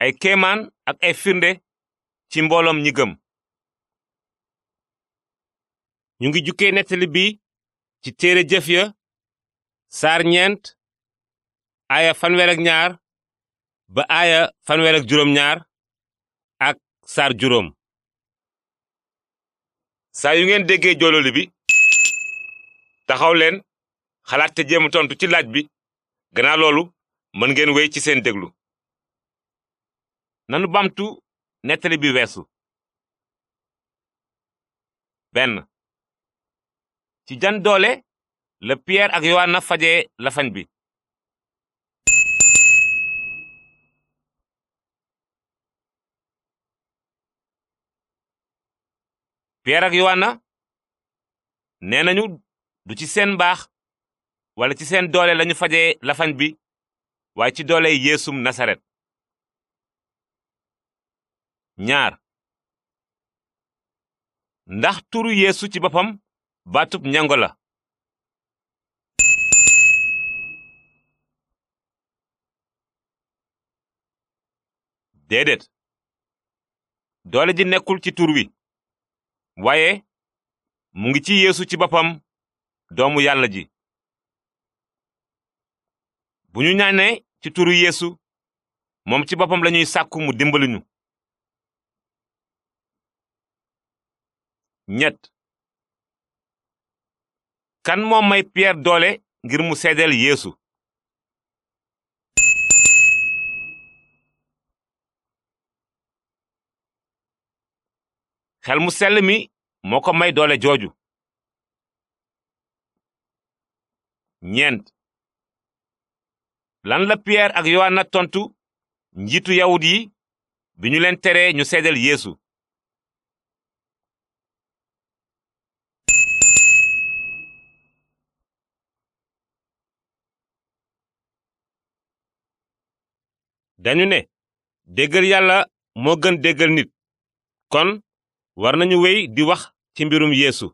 ay kéemaan ak ay firnde ci mbooloom ñi gëm ñu ngi jukkee nettali bi ci téere jëf ya saar ñeent aaya fanweer ak ba aaya fanweer ak juróom ñaar ak saar juróom saa yu ngeen déggee joololi bi taxaw leen xalaat te jéem tontu ci laaj bi gannaaw loolu mën ngeen wéy ci seen déglu nanu bamtu nettali bi weesu benn ci jan doole la Pierre ak Yowaana fajee lafañ bi Pierre ak Yowaana nee nañu du ci seen baax wala ci seen doole lañu faje lafañ bi waaye ci doole Yeesum Nasaret ñaar ndax turu yéesu ci boppam baatub ñango la déedéet doole ji nekkul ci tur wi waaye mu ngi ci yeesu ci boppam doomu yàlla ji bu ñu ñaanee ci turu yéesu moom ci boppam lañuy sàkk mu dimbaliñu ñett kan moo may Pierre doole ngir mu seedeel yéesu xel mu sell mi moo ko may doole jooju ñeent lan la Pierre ak Yohana tontu njiitu yawut yi bi ñu leen teree ñu seedeel yéesu dañu ne déggal yàlla moo gën déggal nit kon war nañu wéy di wax ci mbirum yéesu